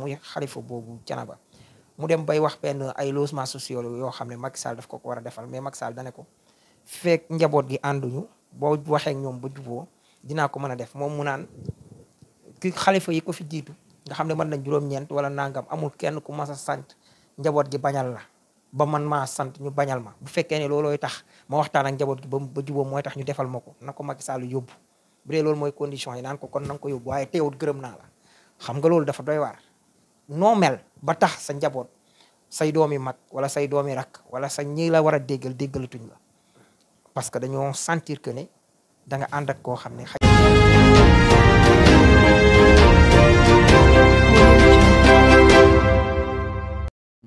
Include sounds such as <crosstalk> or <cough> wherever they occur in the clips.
muy xalifa boobu canaba mu dem bay wax benn ay logements sociaux yoo xam ne Macky Sall daf ko ko war a defal mais Macky Sall dane ko fekk njaboot gi ànduñu boo waxee ak ñoom ba juboo dinaa ko mën a def moom mu naan xalifa yi ko jiitu nga xam ne mën nañ juróom-ñeent wala nangam amul kenn ku mas a sant njaboot gi bañal la ba man maa sant ñu bañal ma bu fekkee ne loolooy tax ma waxtaan ak njaboot gi ba ba juboo mooy tax ñu defal ma ko na ko Macky Sall yóbbu bu dee loolu mooy condition yi naan ko kon na ko yóbbu waaye teewut gërëm naa la xam nga loolu dafa doy waar noo ba tax sa njaboot say doomi mag wala say doomi rak wala sa ñi la war a déggal déggalatuñ la parce que dañoo sentir que ne da nga ànd ak koo xam ne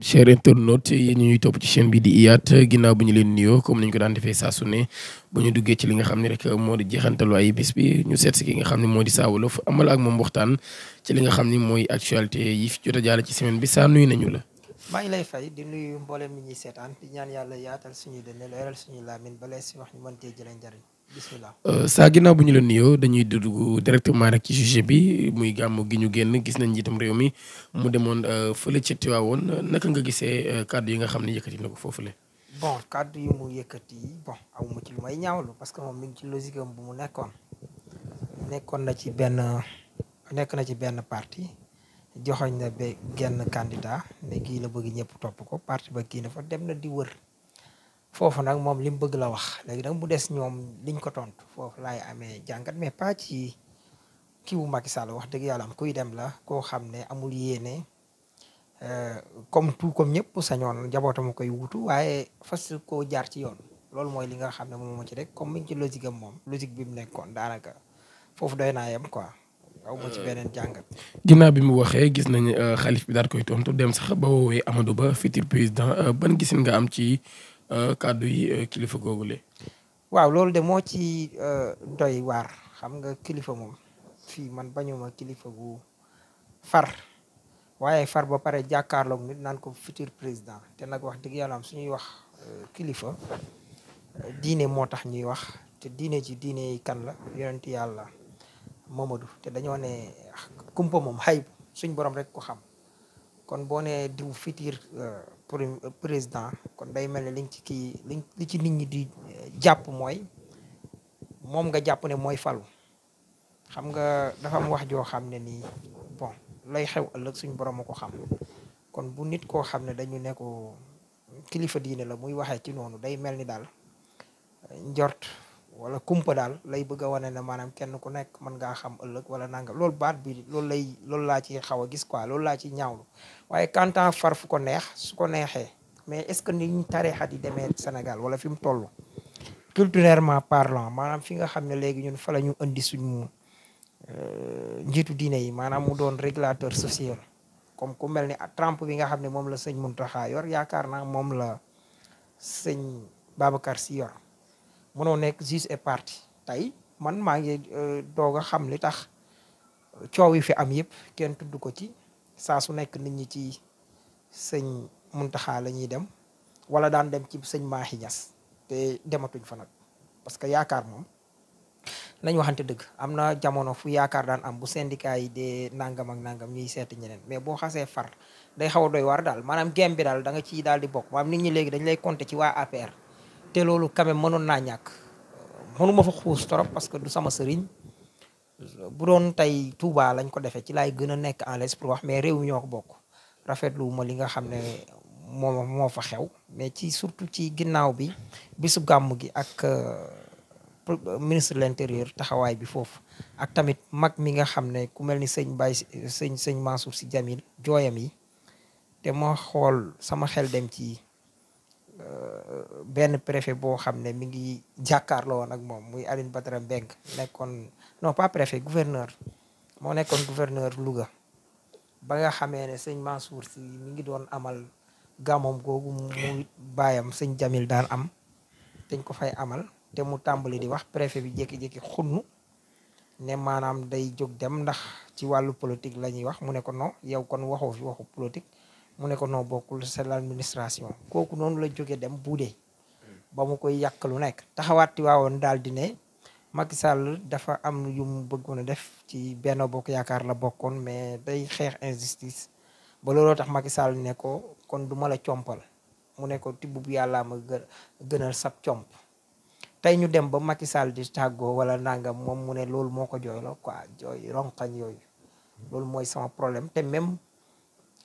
cher internautes yéen ñuy topp ci chaîne bi di IYAT ginnaaw bu ñu leen nuyoo comme ni ñu ko daan defee saa su ne ñu duggee ci li nga xam ne rek moo di jeexantalu ay bis bi ñu seet si ki nga xam ne moo di Saa Wolof amal ak moom waxtaan ci li nga xam ne mooy actualité yi fi jot a ci semaine bi saa nuyu nañu la. maa lay fay di nuyu mboolem mi ñuy seetaan di ñaan yàlla yaatal suñuy dënn leeral suñuy làmmiñ ba lay si wax ñu mën cee jëlee njariñ Euh, saa ginnaaw bu ñu la nuyoo dañuy dugg directement rek ci sujet bi muy gàmmu gi ñu génn gis nañ njiitam réew mi mu demoon euh, fële ca Tiwaawoon naka nga gisee euh, kàddu yi nga xam ne yëkkati na ko foofule. bon kàddu yi mu yëkkati bon awma ci lu may parce que moom mi ngi ci logique am bu mu nekkoon nekkoon na ci benn nekk na ci benn parti joxoñ na ba genn candidat ne gii la bëgg ñëpp topp ko parti ba kii na fa dem na di wër. foofu nag moom li mu bëgg la wax léegi nag mu des ñoom liñ ko tont foofu laay amee jàngat mais pas ci kii wu Macky Sall wax dëgg yàlla am kuy dem la koo xam ne amul yéene euh, comme tout comme ñëpp sañoon njabootam koy wutu waaye fas koo jaar ci yoon loolu mooy li nga xam ne moom moo ci rek comme miñ ci logique am moom logique bi mu nekkoon daanaka foofu doy naa yem quoi. aw ma ci euh, beneen jàngat. dina bi mu waxee gis na xalif euh, bi koy tontu dem sax ba woowee Amadou Ba futur président ban gisin nga am ci. Euh, kàddu yi euh, kilifa googule waaw loolu de moo ci euh, doy waar xam nga kilifa moom fii man bañuma kilifa gu far waaye far ba pare jàkkaarloog nit naan ko futur président te nag wax digg yàlla am suñuy wax kilifa diine moo tax ñuy wax te diine ci diine yi kan la yonent yàlla Mamadou te dañoo ne kumpa moom xay suñ borom rek ko xam kon boo ne diw futur président kon day mel ni liñ ci kii liñ li ci nit ñi di eh, jàpp mooy moom nga jàpp ne mooy falu xam nga dafa wax joo xam ne nii bon lay xew ëllëg suñ borom ko xam kon bu nit koo xam ne dañu nekku ko kilifa diine la muy waxee ci noonu day mel ni daal eh, njort wala kumpa daal lay bëgg a wane ne maanaam kenn ku nekk mën ngaa xam ëllëg wala nangam loolu baat bi loolu lay loolu laa ci xaw a gis quoi loolu laa ci ñaawlu waaye kantan far fu ko neex su ko neexee mais est-ce que ni ñu tareexat yi demee Sénégal wala fi mu toll culturellement parlant maanaam fi nga xam ne léegi ñun fa la ñu indi suñu euh, njiitu diine yi maanaam mu doon régulateur social comme ku mel ni Trump bi nga xam ne moom la sëñ Mountakha yor yaakaar naa moom la sëñ Babacar Sy mënoo nekk juge et partie tey man maa ngi euh, doog a xam li tax coow yi fi am yëpp kenn tudd ko ci saa su nekk nit ñi ci sëñ Muntaxa la ñuy dem wala daan dem ci sëñ Maahi Ñas te dematuñ fa nag parce que yaakaar moom nañ waxante dëgg am na jamono fu yaakaar daan am bu syndicat yi dee nangam ak nangam ñuy seeti ñeneen mais boo xasee far day xaw a doy war daal maanaam gem bi daal da nga ciy daal di bokk maanaam nit ñi léegi dañ lay compter ci waa APR te loolu quand mënoon naa ñàkk mënuma fa xuus trop parce que du sama sëriñ bu doon tey Touba lañ ko defee ci laay gën a nekk en l'aise pour wax mais réew ñoo ko bokk rafetlu ma li nga xam ne moo moo fa xew mais ci surtout ci ginnaaw bi bisu gàmm gi ak euh, euh, ministre de l'intérieur taxawaay bi foofu ak tamit mag mi nga xam ne ku mel ni sëñ Baye sëñ sëñ Mansour si Djamil jooyam yi te ma xool sama xel dem ci benn préfet boo xam ne mi ngi jàkkaarloo woon ak moom muy Aline Badara Mbengue nekkoon no pas préfet gouverneur moo nekkoon gouverneur Louga ba nga xamee ne sëñ Mansour si mi ngi doon amal gàmmoom googu muy baayam sëñ Jamil daan am dañ ko fay amal te mu tàmbali di wax préfet bi jékki-jékki xunnu ne maanaam day jóg dem ndax ci wàllu politique la ñuy wax mu ne ko non yow kon waxoo fi waxu politique mu ne ko noo bokkul c'est l'administration kooku noonu la jóge dem buudee ba mu koy yàq lu nekk taxawaati waawoon daal di ne Macky Sall dafa am yu mu bëggoon a def ci Benno Bokk Yaakaar la bokkoon mais day xeex injustice ba looloo tax Macky Sall ne ko kon du ma la compal mu ne ko tibb bu yàllaa ma gënal sab comp tey ñu dem ba Macky Sall di tàggoo wala nangam moom mu ne loolu moo ko jooy la quoi jooy ronqañ yooyu loolu mooy sama problème te même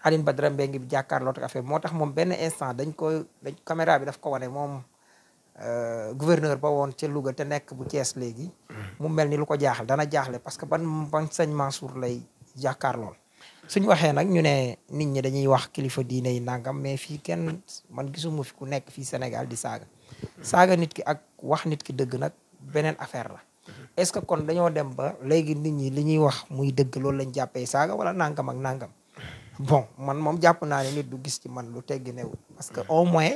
Alioune Badara Mbengue bi jàkkaarloo ak moo tax moom benn instant dañ koy dañ caméra bi daf ko wane moom euh, gouverneur ba woon ca Louga te nekk bu Thiès léegi. Mm-hmm. mu mel ni lu ko jaaxal dana jaaxle parce que ban ban sëñ Mansour lay jàkkaarlool. suñ waxee nag ñu ne nit ñi dañuy wax kilifa diine yi nangam mais fii kenn man gisuma fi ku nekk fii Sénégal di saaga. Mm-hmm. saaga nit ki ak wax nit ki dëgg nag beneen affaire la. Mm-hmm. est-ce que kon dañoo dem ba léegi nit ñi li ñuy wax muy dëgg loolu lañ jàppee saaga wala nangam ak nangam. bon man moom jàpp naa ne nit du gis ci man lu teggi new parce que au moins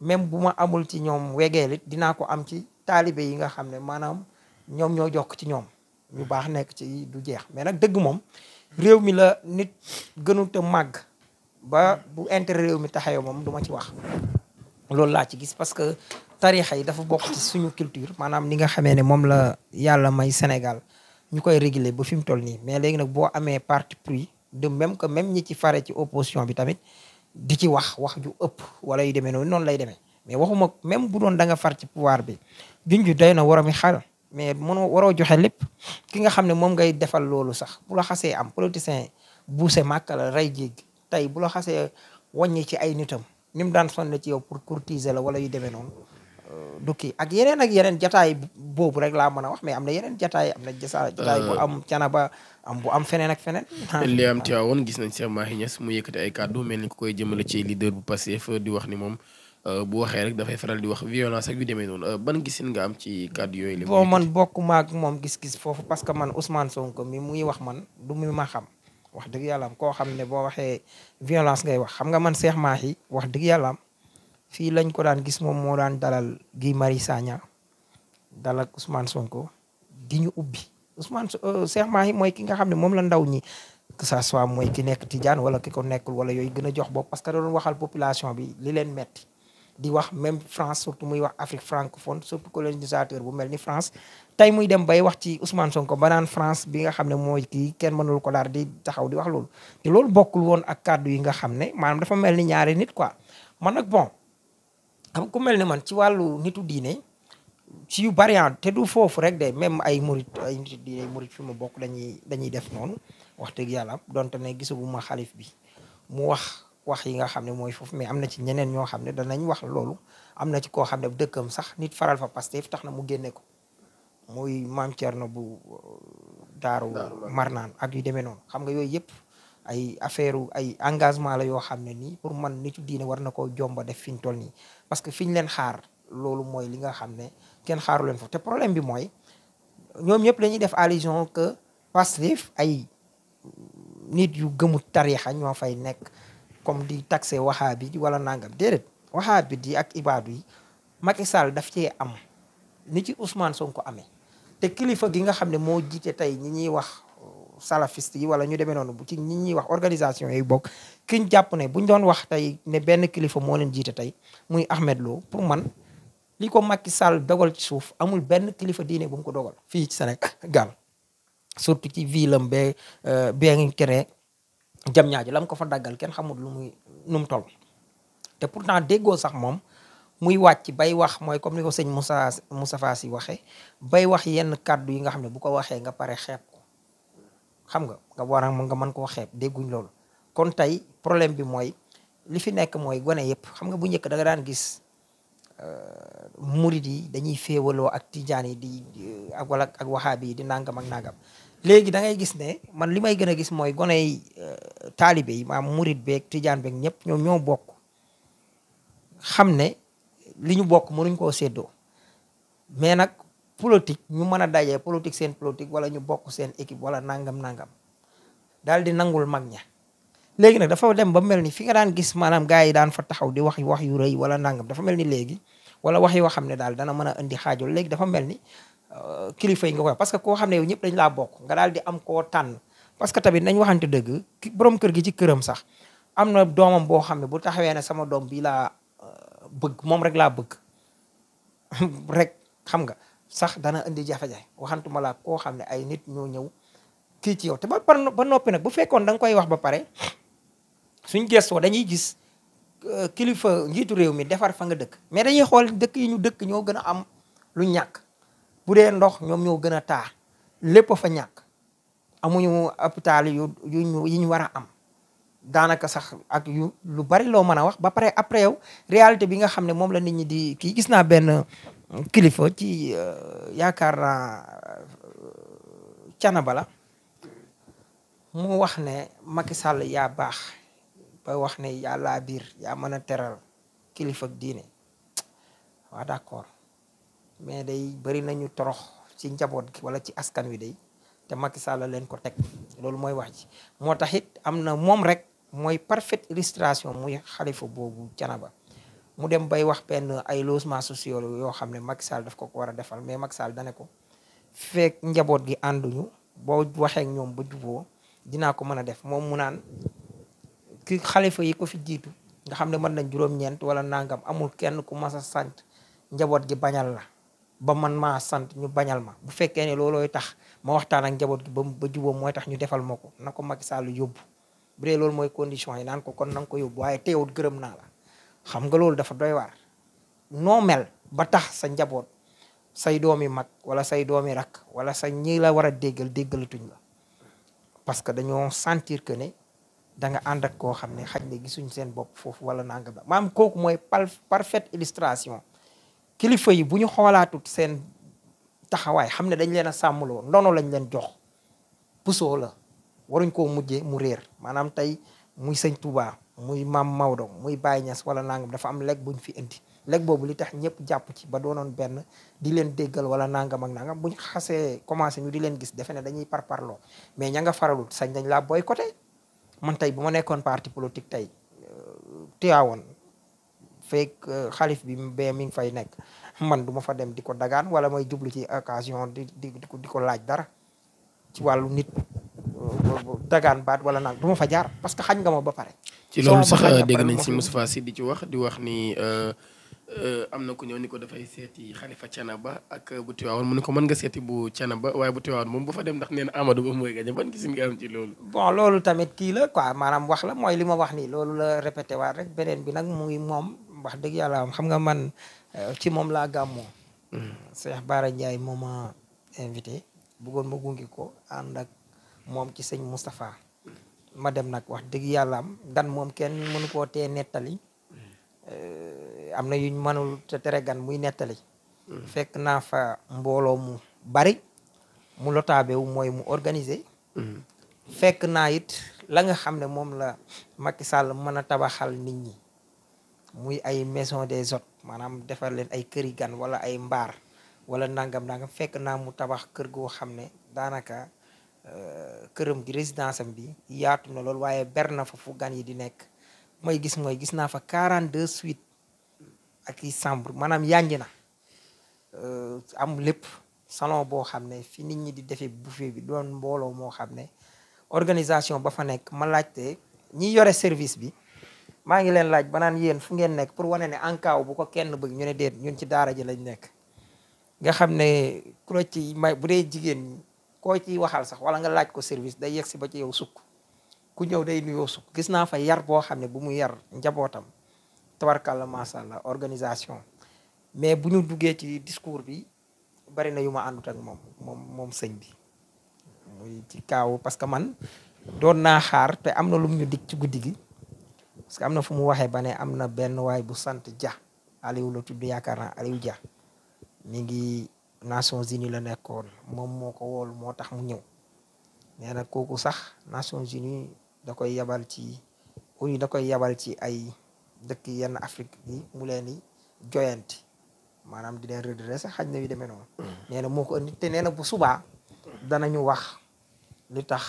même bu ma amul ci ñoom wegeel it dinaa ko am ci taalibe yi nga xam ne maanaam ñoom ñoo jokk ci ñoom ñu baax nekk ci du jeex mais nag dëgg moom réew mi la nit gënut a màgg ba bu intérêt réew mi taxayo moom duma ci wax loolu laa ci gis parce que tarixa yi dafa bokk ci suñu culture maanaam ni nga xamee ne moom la yàlla may Sénégal ñu koy réguler ba fi mu toll nii mais léegi nag boo amee parti pris de même que même ñi ci fare ci opposition bi tamit di ci wax wax ju ëpp wala yu demee noonu noonu lay demee mais waxuma même bu doon da nga far ci pouvoir bi junj doy na war a mi xar mais mënoo waroo joxe lépp ki xam ne moom ngay defal loolu sax bu la xasee am politicien buuse màkk la rey jéeg tey bu la xasee wàññi ci ay nitam ni mu daan sonn ci yow pour courtiser la wala yu demee noonu dukki ak yeneen ak yeneen jataay boobu rek laa mën a wax mais am na yeneen jataay am na jasa euh, jataay bu am canaba am bu am feneen ak feneen <laughs> li am Tiwaawoon gis nañ Cheikh Mahi Niass mu yëkkati ay kàddu mel ni ko koy jëmale ci leader bu Pastef euh, di wax ni moom euh, bu waxee rek dafay faral di wax violence ak yu demee noonu ban gisin nga am ci kàddu yooyu la bon man bokk maag moom gis-gis foofu parce que man Ousmane Sonko mi muy wax man du mi ma xam wax dëgg yàlla am koo xam ne boo waxee violence ngay wax xam nga man Cheikh Mahi wax dëgg yàlla am fii lañ ko daan gis moom moo daan dalal Guy Marius Sagna dalal Ousmane Sonko di ñu ubbi Ousmane maa euh, Mahi mooy ki nga xam ne moom la ndaw ñi que ça soit mooy ki nekk Tidiane wala ki ko nekkul wala yooyu gën a jox bopp parce que doon waxal population bi li leen metti di wax même France surtout muy wax Afrique francophone surtout colonisateur bu mel ni France tey muy dem bay wax ci Ousmane Sonko ba naan France bi nga xam ne mooy kii kenn mënul ko daal di taxaw di wax loolu te loolu bokkul woon ak kàddu yi nga xam ne maanaam dafa mel ni ñaari nit quoi man nag bon xam ku mel ne man ci wàllu nitu diine ci yu bari ah, te du foofu rek de même ay murit ay nitu diine murit fi ma bokk dañuy dañuy def noonu wax dëgg yàlla donte na gisaguma xalif bi mu wax wax yi nga xam ne mooy foofu mais am na ci ñeneen ñoo xam ne danañ wax loolu am na ci koo xam ne dëkkam sax nit faral fa Pastef tax na mu génne ko muy maam Thierno bu euh, daaru mar naan ak yu demee noonu xam nga yooyu yëpp ay affaire ay engagement la yoo xam ne nii pour man nitu diine war na koo jomba def fi ñu toll nii parce que fi ñu leen xaar loolu mooy li nga xam ne kenn xaaru leen foofu te problème bi mooy ñoom yëpp dañuy def allusion que Pastef ay nit yu gëmut tariixa ñoo fay nekk comme di taxé wahhabi di wala nangam déedéet wahhabi di ak ibaadu yi Macky daf cee am nit ci Ousmane Sonko amee te kilifa gi nga xam ne moo jiite tey ñi ñuy wax salafiste yi wala ñu demee noonu bu ci ñi ñuy wax organisation yi bokk ki jàpp ne bu ñu doon wax tey ne benn kilifa moo leen jiite tey muy Ahmed loo pour man li ko Macky Sall dogal ci suuf amul benn kilifa diine bu mu ko dogal fii ci Sénégal surtout ci vilam be euh, bee ngi keneen jam ñaaji lam ko fa daggal kenn xamul lu muy nu mu toll te pour pourtant déggoo sax moom muy wàcc bay wax mooy comme ni ko sëñ Moussa Moustapha si waxee bay wax yenn kàddu yi nga xam ne bu ko waxee nga pare xeeb ko xam nga nga war a nga man koo xeeb dégguñ loolu kon tey problème bi mooy li fi nekk mooy gone yëpp xam nga bu njëkk danga daan gis euh, murid yi dañuy féewaloo ak tijaan yi di ak wala ak yi di nangam ak nangam léegi da ngay gis ne man li may gën a gis mooy gone yi euh, taalibe yi maam murid beeg tiijaan beeg ñëpp ñoom ñoo bokk xam ne li ñu bokk nuñ koo séddoo mais nag politique ñu mën a dajee politique seen politique wala ñu bokk seen équipe wala nangam nangam daal di nangul mag ña léegi nag dafa dem ba mel ni fi nga daan gis maanaam gars yi daan fa taxaw di wax yu wax yu rëy wala nangam dafa mel ni léegi wala wax yoo xam ne daal dana mën a indi xaajul léegi dafa mel ni euh, kilifa yi nga koy parce que koo xam ne yow ñëpp dañ laa bokk nga daal di am koo tànn parce que tamit nañ waxante dëgg borom kër gi ci këram sax am na doomam boo xam ne bu taxawee ne sama doom bi laa euh, bëgg moom rek laa bëgg <laughs> rek xam nga sax dana indi jafe-jafe ma laa koo xam ne ay nit ñoo ñëw kii ci yow te ba ba noppi nag bu fekkoon da koy wax ba pare suñ gestoo dañuy gis euh, kilifa njiitu réew mi defar fa nga dëkk mais dañuy xool dëkk yi ñu dëkk ñoo gën a am lu ñàkk bu dee ndox ñoom ñoo gën a taa lépp fa ñàkk amuñu hôpital yu yu ñu war a am daanaka sax ak yu lu bari loo mën a wax ba pare après yow réalité bi nga xam ne moom la nit ñi di kii gis naa benn kilifa ci euh, yaakaar naa canaba euh, la mu wax ne Macky Sall yaa baax ba wax ne yaa laa yaa mën a teral kilifa diine diine waaw d'accord mais day bëri nañu torox ci njaboot gi wala ci askan wi day te Macky Sall leen ko teg loolu mooy wax ci moo tax it am na moom rek mooy parfaite illustration muy xalifa boobu canaba mu dem bay wax benn ay logements sociaux yoo xam ne Macky Sall daf ko ko war a defal mais Macky Sall dane ko fekk njaboot gi ànduñu boo waxee ak ñoom ba juboo dinaa ko mën a def moom mu naan ki yi ko jiitu nga xam ne mën nañ juróom-ñeent wala nangam amul kenn ku mas a sant njaboot gi bañal la ba man maa sant ñu bañal ma bu fekkee ne loolooy tax ma waxtaan ak njaboot gi ba ba juboo mooy tax ñu defal ma ko na ko Macky Sall yóbbu bu dee loolu mooy condition yi naan ko kon nan ko yóbbu waaye teewut gërëm naa la xam nga loolu dafa doy waar noo mel ba tax sa njaboot say doomi mag wala say doomi rak wala sa ñii la war a déggal déggalatuñ la parce que dañoo sentir que ne da nga ànd ak koo xam ne xaj na gisuñ seen bopp foofu wala nangam ba maam kooku mooy parfaite illustration kilifa yi bu ñu xoolaatut seen taxawaay xam ne dañ leen a sàmmloo ndono lañ leen jox pusoo la waruñ koo mujjee mu réer maanaam tey muy sëñ tuubaa muy maam Maodo muy Baye Niass wala nangam dafa am lekk buñ fi indi lekk boobu li tax ñëpp jàpp ci ba doonoon benn di leen déggal wala nangam ak nangam buñ xasee commencé ñu di leen gis defe ne dañuy parparloo mais ña nga faralut sañ dañ laa boycotté man tey bu ma nekkoon parti politique tey euh, Tiwaawoon feek euh, xalif bi bee mi ngi fay nekk man du ma fa dem di ko dagaan wala may jublu ci occasion di di di ko laaj dara ci wàllu nit euh, dagaan baat wala nag du ma fa jaar parce que xañ nga ma ba pare ci loolu sax euh, dégg nañ si Moustapha Sy di ci wax di wax ni euh, euh, am na ku ñëw ni ko dafay seeti xalifa Thiénaba ak bu Tiwaawoon mu ne ko mën nga seeti bu Thiénaba waaye bu moom bu fa dem ndax nee na Amadou Ba mooy gañe ban gis nga kii la maanaam wax la mooy li ma wax nii loolu la répété waat rek beneen bi nag muy moom wax dëgg yàlla am xam nga man ci moom laa gàmmoo. Hmm. Cheikh Bara Ndiaye moom a invité bëggoon ma gunge ko ànd moom ci sëñ Moustapha. ma dem nag wax dëgg yàlla am gan moom kenn mënu koo tee nettali eh, am na yuñ mënul te tere gan muy nettali fekk naa fa mbooloo mu bari mu lotaabe wu mooy mu organiser fekk naa it la nga xam ne moom la Macky Sall mën a tabaxal nit ñi muy ay maison des hôtes maanaam defar leen ay këri gan wala ay mbaar wala nangam nangam fekk naa mu tabax kër goo xam ne daanaka këram gi résidence bi yaatu na lool waaye ber na fa fu gan yi di nekk mooy gis mooy gis naa fa 42 suites ak i chambre maanaam yanj na euh, am lépp salon boo xam ne fi nit ñi di defee buffet bi doon mbooloo moo xam ne organisation ba fa nekk ma laajte ñi yore service bi maa ngi leen laaj ba naan yéen fu ngeen nekk pour wane ne ankaaw bu ko kenn bëgg ñu ne déet ñun ci daara ji lañ nekk nga xam ne ku la ci may bu dee jigéen ñi koo ci waxal sax wala nga laaj ko service day yegg si ba ci yow sukk ku ñëw day nuyoo sukk gis naa fa yar boo xam ne bu mu yar njabootam tabarkàlla macha allah organisation mais bu ñu duggee ci discours bi bari na yu ma àndut ak moom moom moom sëñ bi muy ci kaaw parce que man doon naa xaar te am na lum ñu dig ci guddi gi parce que am na fu mu waxee ba ne am na benn waay bu sant ja Aliou la tudd yaakaar naa Aliou ja mi ngi Nations Unies la nekkoon moom moo ko wool moo tax mu ñëw nee na kooku sax Nations Unies da koy yabal ci ONU da koy yabal ci ay dëkk yenn Afrique bi mu leen di joyanti maanaam di leen redresser xaj na yu demee noonu. Mm. nee na moo ko indi te nee na bu subaa ñu wax li tax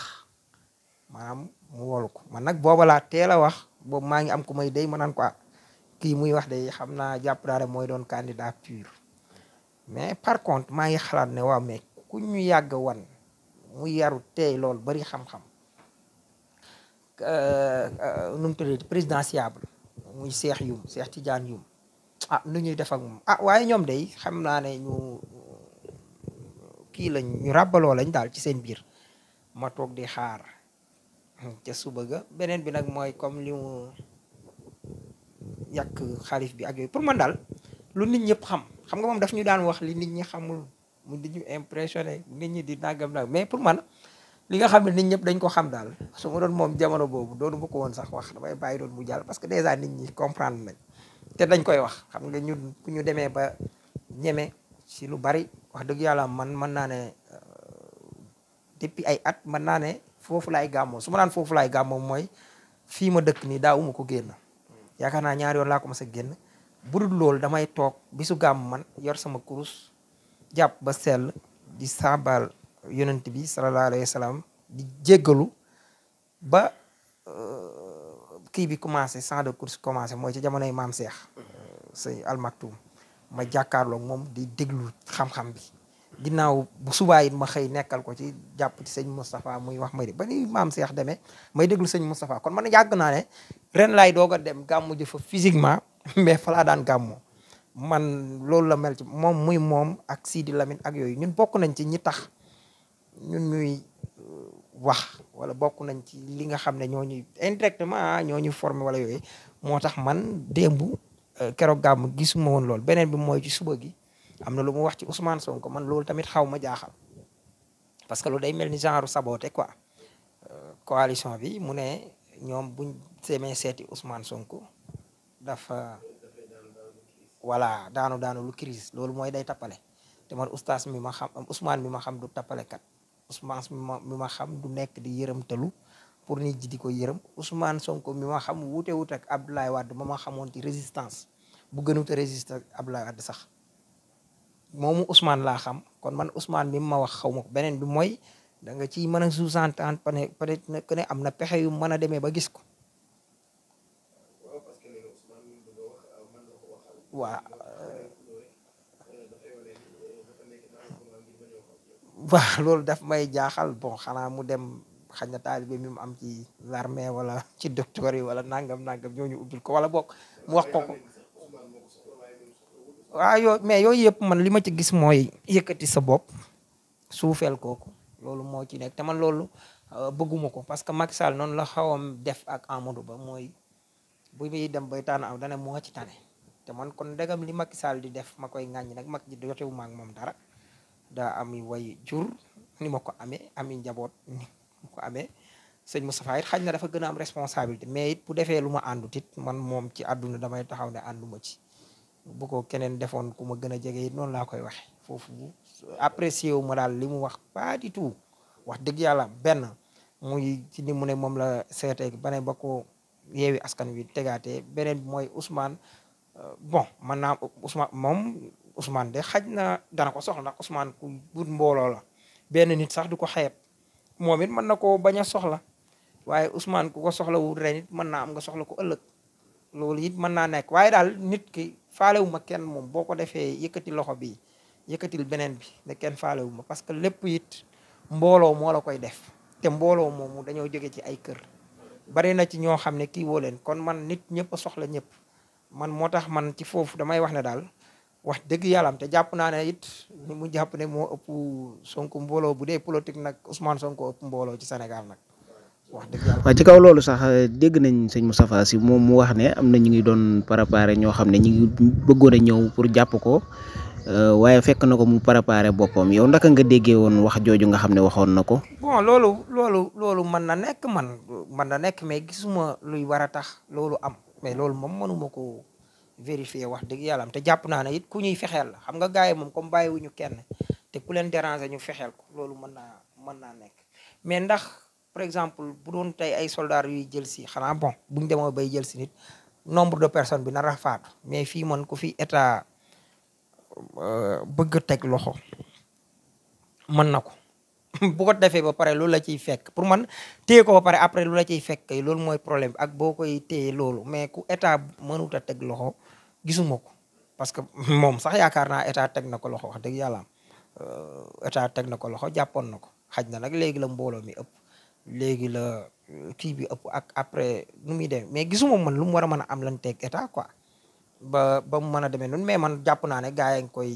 maanaam mu wol ko man nag booba laa a wax boobu maa ngi am ku may day ma naan ko ah, kii muy wax day xam naa jàpp naa mooy doon candidat pur. mais par contre maa ngi xalaat ne waaw mais ku ñu yàgg wan mu yaru tey loolu bari xam-xam euh, euh, nu mu tuddee présidentiable muy Cheikh Youm seex Tidiane Youm ah nu ñuy defak moom ah waaye ñoom day xam naa ne ñu kii lañ ñu ràbbaloo lañ daal ci seen biir ma toog di xaar <laughs> ca suba ga beneen bi nag mooy comme li mu yàq xalif bi ak yooyu pour man daal lu nit ñëpp xam xam nga moom daf ñu daan wax li nit ñi xamul mu di ñu impressionné nit ñi di nagam nag mais pour man li nga xam ne nit ñëpp dañ ko xam daal su ma doon moom jamono boobu doonu ma ko woon sax wax damay bàyyi doon mu jàll parce que déjà nit ñi comprendre nañ te dañ koy wax xam nga ñu ku ñu demee ba ñeme si lu bari wax dëgg yàlla man mën naa ne euh, depuis ay at mën naa ne foofu laay gàmmoo su ma daan foofu laay gàmmoo mooy fii ma dëkk nii daawuma ko génn yaakaar naa ñaari yoon laa ko mas a génn budul loolu damay toog bisu gàmm man yor sama kurus jàpp ba sell di saabal yonant bi sallallahu alayhi salaam di jéggalu ba euh, kii bi commencé sans de course commencé mooy ci jamonoy maam Seex euh, sëñ Almaktum ma jàkkaarloog moom di déglu xam-xam bi ginnaaw bu subaa it ma xëy nekkal ko ci jàpp ci sëñ Moustapha muy wax ma di ba ni maam Seex demee may déglu sëñ Moustapha kon man yàgg naa ne ren laay doog a dem gàmmu jëfa physiquement <laughs> mais falaa daan gàmmoo man loolu la mel ci moom muy moom ak siidi Lamine ak yooyu ñun bokk nañ ci ñi tax ñun ñuy euh, wax wala bokk nañ ci li nga xam ne ñoo ñuy indirectement ah, ñoo ñuy formé wala yooyu moo tax man démb euh, keroog gàmm gisuma woon lool beneen bi mooy ci suba gi am na lu mu wax ci Ousmane Sonko man loolu tamit xaw ma jaaxal parce que loolu day mel ni genre saboté quoi euh, coalition bi mu ne ñoom buñ semee seeti Ousmane Sonko. dafa voilà daano daano lu crise loolu mooy day tappale te man ustaas mi ma xam Ousmane mi ma xam du tappalekat Ousmane mi ma mi ma xam du nekk di yërëmtalu pour ni ji di ko yërëm Ousmane Sonko mi ma xam wuute wuute ak Abdoulaye Wade ma ma xamoon ci résistance bu gënute résister ak Abdoulaye Wade sax moomu Ousmane laa xam kon man Ousmane mi ma wax xaw ma ko beneen bi mooy da nga ciy mën a sous-entendre peut-être que ne am na pexe yu mën a demee ba gis ko waa euh, waaw loolu daf may jaaxal bo xanaa mu dem xañ na taalibe mi mu am ci l'armée walla ci docteur yi wala nàngam nangam ñooñu ubbil ko wala bokk mu wax ko ko waaw yoo mais yooyu yëpp man li ma ci gis mooy yëkkati sa bopp suufeel kooku loolu moo ci nekk te man loolu euh, bëgguma ko parce que Macky Sall noonu la xawam def ak Amadou Ba mooy bu muy dem bay tànn am dana moo ci tane man kon ndegam li Macky Sall di def ma koy ŋàññi nag mag ji jotewu ma ak moom dara daa am way jur ni ma ko amee ami njaboot ni ma ko amee sëñ Moustapha it xaj na dafa gën a am responsabilité mais it bu defee lu ma àndut it man moom ci àdduna damay taxaw ne ànduma ci bu ko keneen defoon ku ma gën a jege it noonu laa koy waxe foofu apprécié wu ma daal li mu wax pas tout wax dëgg yàlla benn muy ci ni mu ne moom la seetee ba ne ba ko yeewi askan wi tegaatee beneen bi mooy Ousmane bon man naa Ousmane moom Ousmane de xaj na dana ko soxla ndax Ousmane ku but mbooloo la benn nit sax du ko xayab moom it mën na koo bañ a soxla waaye Ousmane ku ko soxla wut ren it mën naa am nga soxla ko ëllëg loolu it mën naa nekk waaye daal nit ki faalewu ma kenn moom boo ko defee yëkkati loxo bi yëkkatil beneen bi ne kenn faalewu ma parce que lépp it mbooloo moo la koy def te mbooloo moomu dañoo jóge ci ay kër bari na ci ñoo xam ne kiiwoo leen kon man nit ñëpp soxla ñëpp man moo tax man ci foofu damay wax ne daal wax dëgg yàlla am te jàpp naa ne it mu jàpp ne moo ëpp Sonko mbooloo bu dee politique nag Ousmane Sonko ëpp mbooloo ci Sénégal nag wax dëgg waaw ci kaw loolu sax euh, dégg nañ sëñ Moustapha Sy moom mu wax ne am na ñu ngi doon préparé ñoo xam ne ñu ngi bëggoon a ñëw pour jàpp ko euh, waaye fekk na ko mu préparé boppam yow ndaka nga déggee woon wax jooju nga xam ne waxoon na ko. bon loolu loolu loolu mën na nekk man mën na nekk mais gisuma luy war a tax loolu am. mais loolu moom mënuma ko vérifier wax dëgg yàlla am te jàpp naa ne it ku ñuy fexeel la xam nga gars yi moom comme bàyyiwuñu kenn te ku leen déranger ñu fexeel ko loolu mën naa mën naa nekk mais ndax par exemple bu doon tey ay soldats yuy jël si xanaa bon bu ñu demoo bay jël si nit nombre de personnes bi na rafaatu mais fii man ko fi état euh, bëgg a teg loxo mën na ko <laughs> bu ko defee ba pare loolu la ciy fekk pour man téye ko ba pare après lu la ciy fekk loolu mooy problème ak boo koy téye loolu mais ku état mënut a teg loxo gisuma ko parce que <laughs> moom sax yaakaar naa état teg na ko loxo wax dëgg yàlla euh, état teg na ko loxo jàppoon na ko xaj na nag léegi la mbooloo mi ëpp léegi la euh, kii bi ëpp ak après nu muy demee mais gisuma man lu mu war a mën a am lan teeg état quoi ba ba mu mën a demee noonu mais man jàpp naa ne gars yi ngi koy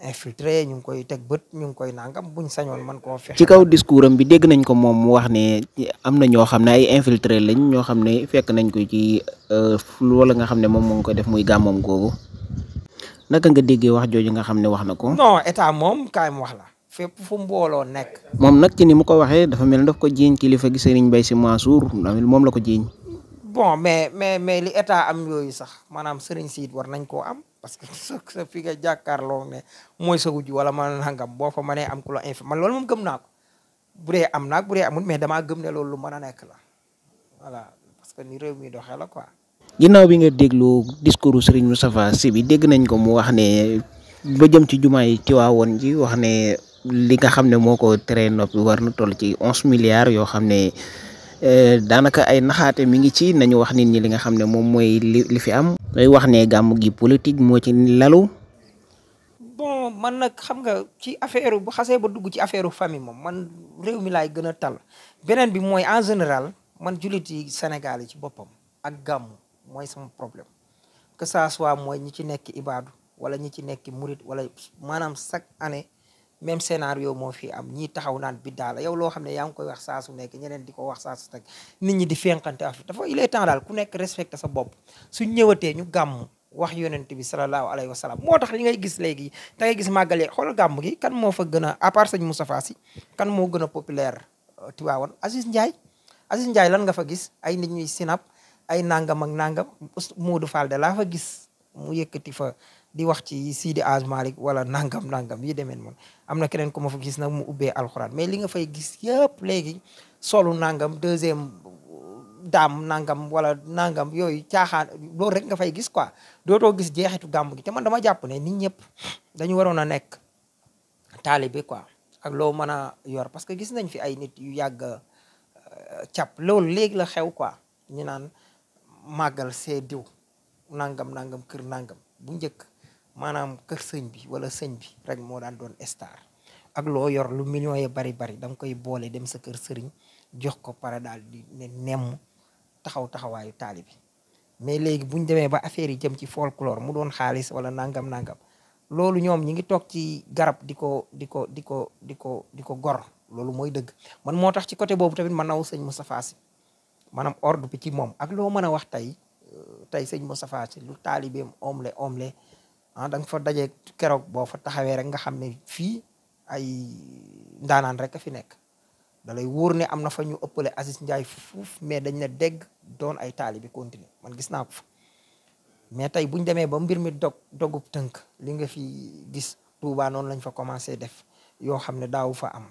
infiltre ñu ngi koy teg bët ñu ngi koy nangam buñ sañoon man koo fexe. ci kaw discours am bi dégg nañ ko moom mu wax ne am na ñoo xam ne ay infiltré lañ ñoo xam ne fekk nañ ko ci euh, wala nga xam ne moom moo ngi koy def muy gàmmoom googu naka nga déggee wax jooju nga xam ne wax na ko. moom kaay mu wax la. fépp fu mbooloo nekk. moom nag ci ni mu ko waxee dafa mel ni daf ko jiiñ kilifa gi Serigne Mbaye Sy Mansour moom la ko jiiñ. bon mais mais mais li état am yooyu sax maanaam Serigne Sy war nañ koo am. parce que sa <laughs> fi nga jàkkaarloo ne mooy sa wujj wala ma nangam boo fa manee am ku la inf man moom gëm naak ko bu am naag bu dee amul mais damaa gëm ne loolu lu mën a nekk la voilà parce que ni réew mi doxee la quoi. ginnaaw bi nga déglu discours Serigne Moustapha Sy bi dégg nañ ko mu wax ne ba jëm ci jumaay waawoon ji wax ne li nga xam ne moo ko teree noppi war na toll ci onze milliards yoo xam ne euh, daanaka ay naxaate mi ngi ci nañu wax nit ñi li nga xam ne moom mooy li li fi am. day wax ne gàmm gi politique moo ci lalu. bon man nag xam nga ci affaire bu xasee ba dugg ci affaire famille moom man réew mi laay gën a tal beneen bi mooy en général man jullit yi Sénégal ci boppam ak gàmm mooy sama problème que ça soit mooy ñi ci nekk ibaadu wala ñi ci nekk murit wala maanaam chaque année. même scénario moo fi am ñii taxaw naan biddaa la yow loo xam ne yaa ngi koy wax saa su nekk ñeneen di ko wax saa nekk nit ñi di fenqante af dafa il est temps daal ku nekk respecté sa bopp suñ ñëwatee ñu gàmm wax yonent bi salallaahu alayhi wa salaam moo tax li ngay gis léegi da ngay gis màggal xool gàmm gi kan moo fa gën a à part sëñ Moustapha Sy kan moo gën a populaire euh, Tiwaawan Aziz Ndiaye Aziz Ndiaye lan nga fa gis ay nit ñuy sinap ay nangam ak nangam Modou Fall de laa fa gis mu yëkkati fa di wax ci Sidi Aj Malik wala nangam nangam yi demeen moom am na keneen ku ma fa gis na mu ubbee alxuraan mais li nga fay gis yëpp léegi solu nangam deuxième daam nangam wala nangam yooyu caaxaan loolu rek nga fay gis quoi dootoo gis jeexitu gàmm gi te man dama jàpp ne nit ñëpp dañu waroon a nekk taalibe quoi ak loo mën a yor parce que gis nañ fi ay nit yu yàgg euh, càpp loolu léegi la xew quoi ñu naan màggal see nangam nangam kër nangam bu njëkk maanaam kër sëñ bi wala sëñ bi rek moo daan doon star ak loo yor lu millions yi bari bari da nga koy boole dem sa kër sëriñ jox ko pare daal di ne nemm taxaw taxawaayu taali bi mais léegi bu demee ba affaire yi jëm ci folklore mu doon xaalis wala nangam nangam loolu ñoom ñi ngi toog ci garab di ko di ko di ko di ko di ko gor loolu mooy dëgg man moo tax ci côté boobu tamit ma naw sëñ Moustapha Sy maanaam ordre bi ci moom ak loo mën a wax tey euh, tey sëñ Moustapha Sy lu taalibeem omle omle ah da fa daje keroog boo fa taxawee rek nga xam ne fii ay ndaanaan rek a fi nekk da lay wóor ne am na fa ñu ëppale Aziz Ndiaye fuuf mais dañ ne dégg doon ay taalibi continuer man gis naa ko fa mais tey buñ demee ba mbir mi dog dogub tënk li nga fi gis Touba noonu lañ fa commencé def yoo xam ne daawu fa am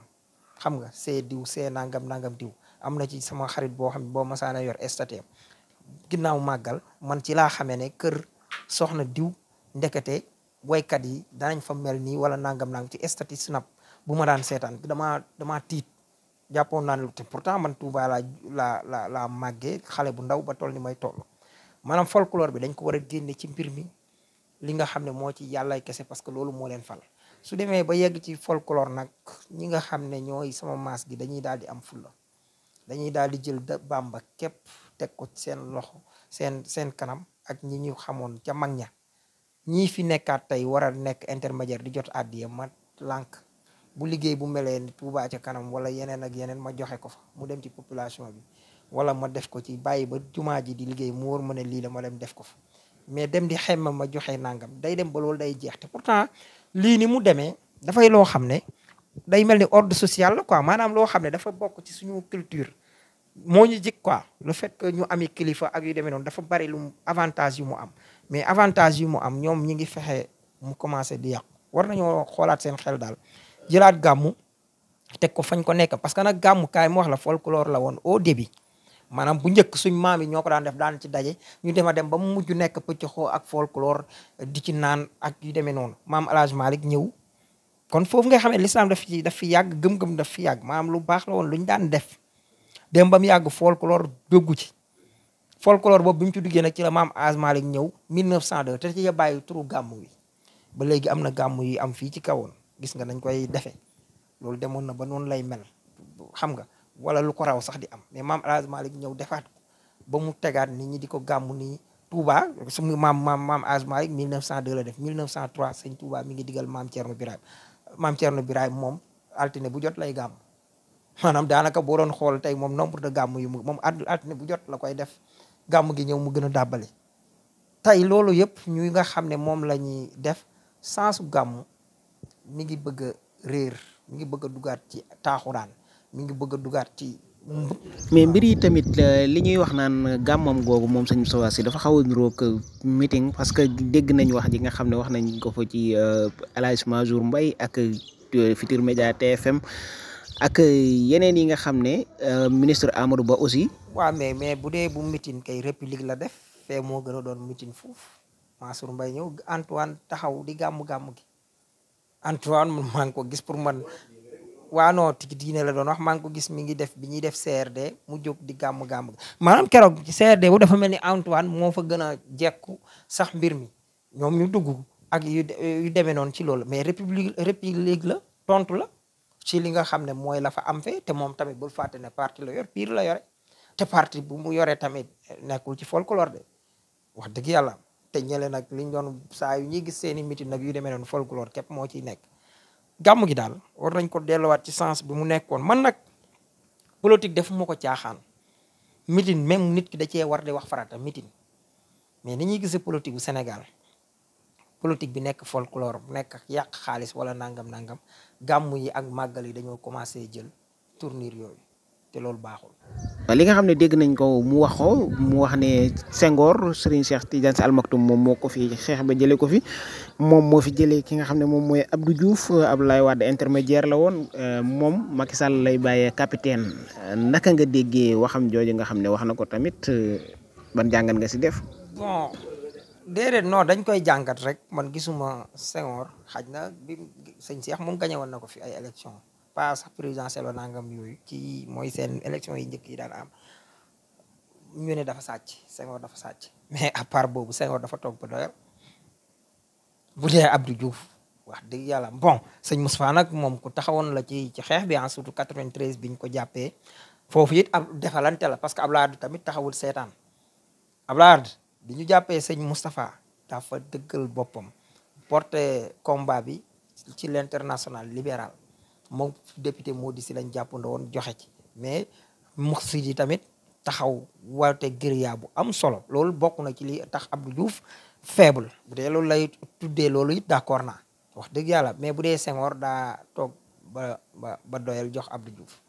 xam nga see diw see nangam nangam diw am na ci sama xarit boo xam boo masaana yor statut ginnaaw màggal man ci laa xamee ne kër soxna diw ndekete waykat yi danañ fa mel nii wala nangam nangam ci statut snap bu ma daan seetaan damaa damaa tiit jàppoon naa ne te pourtant man Touba laa la la la màggee xale bu ndaw ba toll ni may toll maanaam folklore bi dañ ko war a génne ci mbir mi li nga xam ne moo ci yàllay kese parce que loolu moo leen fal su demee ba yegg ci folklore nag ñi nga xam ne ñooy sama maas gi dañuy daal di am fulla dañuy daal di jël Bàmba képp teg ko seen loxo seen seen kanam ak ñi ñu xamoon ca mag ña ñii fi nekkaat tey war a nekk intermédiaire di jot àddiya ma lànk bu liggéey bu melee Touba ca kanam wala yeneen ak yeneen ma joxe ko fa mu dem ci population bi wala ma def ko ci bàyyi ba jumaa ji di liggéey mu war ma ne lii la ma dem def ko fa mais dem di xemma ma joxe nangam day dem ba loolu day jeex te pourtant lii ni mu demee dafay loo xam ne day mel ni ordre social la quoi maanaam loo xam ne dafa bokk ci suñu culture moo ñu jik quoi le fait ñu ami kilifa ak yu demee noonu dafa bari lu avantage yu mu am mais avantage yi mu am ñoom ñi ngi fexe mu commencé di yàqu war nañoo xoolaat seen xel daal jëlaat gàmmu teg ko fañ ko nekk parce que nag gàmmu kaay mu wax la folklore la woon au début maanaam bu njëkk suñ maam yi ñoo ko daan def daan ci daje ñu dema dem ba mu mujj nekk pëcc xoo ak folklore di ci naan ak yu demee noonu maam El Hadj ñëw kon foofu nga xamee lislaam daf fi daf fi yàgg gëm-gëm daf fi yàgg maanaam lu baax la woon lu ñu daan def dem ba mu yàgg folklore doggu ci folklore boobu bi mu ci duggee nag ci la maam As Malick ñëw 1902 ba léegi am na gàmm yi am fii ci kawoon gis nga nañ koy defee loolu demoon na ba noonu lay mel xam nga wala lu ko raw sax di am mais maam As Malick ñëw defaat ko ba mu tegaat nit ñi di ko gàmm nii Touba su maam maam maam As Malick 1902 la def 1903 sëñ Touba mi ngi digal maam Thierno Birahim maam Thierno Birahim moom altine bu jot lay gàmm maanaam daanaka boo doon xool tey moom nombre de gàmm yu mu moom altine bu jot la koy def gàmm gi ñëw mu gën a dàbbali tey loolu yëpp ñuy nga xam ne moom la ñuy def saasu gàmm mi ngi bëgg a réer mu ngi bëgg a dugaat ci taaxuraan mu ngi bëgg dugaat ci mais mbir yi tamit euh, li ñuy wax naan gàmmam googu moom sëñ Moustapha si dafa xaw a niroog euh, meeting parce que dégg nañu wax ji nga xam ne wax nañ ko fa ci euh, El Hadj Mansour Mbaye ak Futurs Médias TFM ak euh, yeneen yi nga xam ne euh, ministre Amadou Ba aussi. waa mais mais bu dee bu mitin kay république la def fee moo gën a doon mitin foofu Mansour mbay ñëw Antoine taxaw di gàmm gàmm gi Antoine man maa ngi ko gis pour man waa non diine la doon wax maa ngi ko gis mi ngi def bi ñuy def CRD mu jóg di gàmm gàmm gi maanaam keroog CRD bu dafa mel ni Antoine moo fa gën a jekku sax mbir mi ñoom ñu dugg ak yu demee noonu ci loolu mais république république la tontu la. ci li nga xam ne mooy la fa am fe te moom tamit bul fàtte ne parti la yor piir la yore te parti bu mu yore tamit nekkul ci folklore de wax dëgg yàlla te ñële nag liñ doon saa yu ñuy gis seeni mitin nag yu demee noonu folklore képp moo ciy nekk gàmm gi daal war nañ ko delluwaat ci sens bi mu nekkoon man nag politique defu ma ko caaxaan mitin même nit ki da cee war de wax farata mitin mais ni ñuy gisee politique bu senegal politique bi nekk folklore nekk yàq xaalis wala nangam nangam gàmm yi ak màggal yi dañoo commencé jël tournure yooyu te loolu baaxul. li nga xam ne dégg nañ ko mu wax ko mu wax ne sengoor Serigne Cheikh Tidiane Sy Al moom moo ko fi xeex ba jëlee ko fi moom moo fi jëlee ki nga xam ne moom mooy Abdou Diouf Abdoulaye Wade intermédiaire la woon euh, moom Macky Sall lay bàyyee capitaine naka nga déggee waxam jooju nga xam ne wax na ko tamit euh, ban jàngat nga si def. déedéet noonu dañ koy jàngat rek man gisuma Senghor xaj na bi sëñ Cheikh moom gañe na ko fi ay élection pas sax présidentielle o nangam yooyu ci mooy seen élection yi njëkk yi daan am ñu ne dafa sàcc Senghor dafa sàcc mais à part boobu Senghor dafa toog ba bu dee Abdou Diouf wax dëgg yàlla bon sëñ Moustapha nag moom ku taxawoon la ci ci xeex bi en surtout 93 biñ ko jàppee foofu it ab defalante la parce que Abdoulaye Wade tamit taxawul seetaan bi ñu jàppee sëñ Moustapha dafa dëggal boppam porté combat bi ci l'international libéral moom député moo di si lañ jàppandoo woon joxe ci mais Moussi di tamit taxaw walte guérilla bu am solo loolu bokk na ci li tax Abdou juuf faible bu dee loolu lay tuddee loolu it d'accord na wax dëgg yàlla mais bu dee sengor daa toog ba ba ba doyal jox Abdou Diouf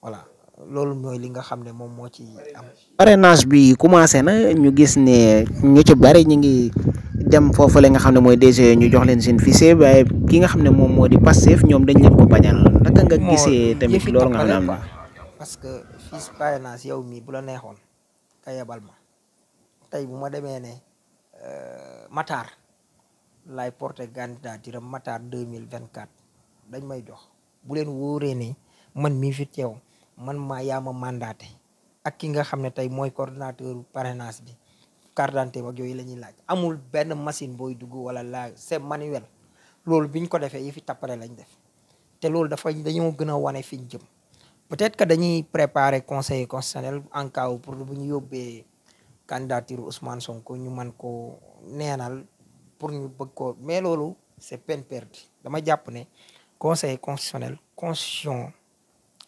voilà loolu mooy li nga xam ne moom moo ci am. parrainage bi commencé na ñu gis ne ñu ci bari ñu ngi dem foofule nga xam ne mooy DG ñu jox leen seen fichier waaye ki nga xam ne moom moo di Pastef ñoom dañ leen ko bañal naka nga gisee tamit loolu nga xam ne am parce que fiche yow mii bu la neexoon yebal ma bu ma demee ne euh, Matar laay porté candidature Matar deux mille vingt quatre dañ may jox bu leen wóoree ne man mii fi teew. man maa yaa ma ak ki nga xam ne tey mooy coordonnateur parrainage bi carte d'identité ak yooyu la ñuy laaj amul benn machine booy dugg wala laa c'est manuel loolu bi ñu ko defee yi fi tappare lañ def te loolu dafa dañoo gën a wane fi ñu jëm peut-être que dañuy préparer conseil constitutionnel en cas pour bu ñu yóbbee candidature Ousmane ko ñu man ko neenal pour ñu bëgg ko mais loolu c'est peine perdue dama jàpp ne conseil constitutionnel constitution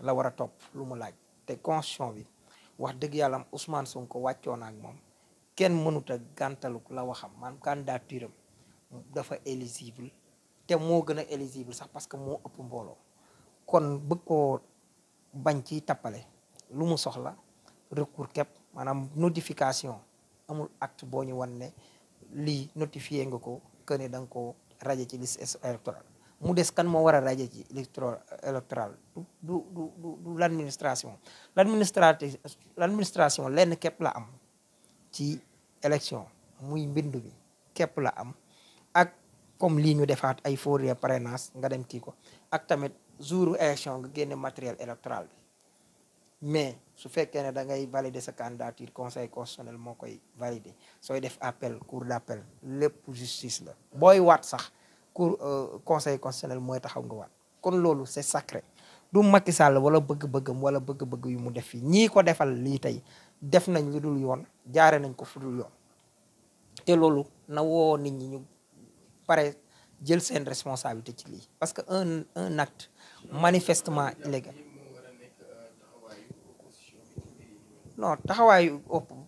la war a topp lu mu laaj te constitution bi wax dëgg yàlla am Ousmane Sonko wàccoon ak moom kenn mënut a gàntalu la waxam maanaam candidature am dafa éligible te moo gën a éligible sax parce que moo ëpp mbooloo kon bëgg koo bañ ci tappale lu mu soxla recours képp maanaam notification amul acte boo ñu wan ne lii notifié nga ko kër ne da nga ko raje ci liste électorale mu des kan moo war a raje ci électro électoral du du du du l' administration l' administratif l' administration lenn képp la am ci élection muy mbind bi képp la am ak comme lii ñu defaat ay faux parrainage nga dem kii ko ak tamit jour élection nga génne matériel électoral bi mais su fekkee ne da ngay valider sa candidature conseil constitutionnel moo koy valider sooy def appel cour d' appel lépp justice la booy waat sax cour euh, conseil constitutionnel mooy taxaw nga waat kon loolu c'est sacré du Macky Sall wala bëgg-bëggam wala bëgg-bëgg yu mu def fii ñii ko defal lii tey def nañ lu dul yoon jaare nañ ko fu dul yoon te loolu na woo nit ñi ñu pare jël seen responsabilité ci lii parce que un un acte manifestement illégal non taxawaayu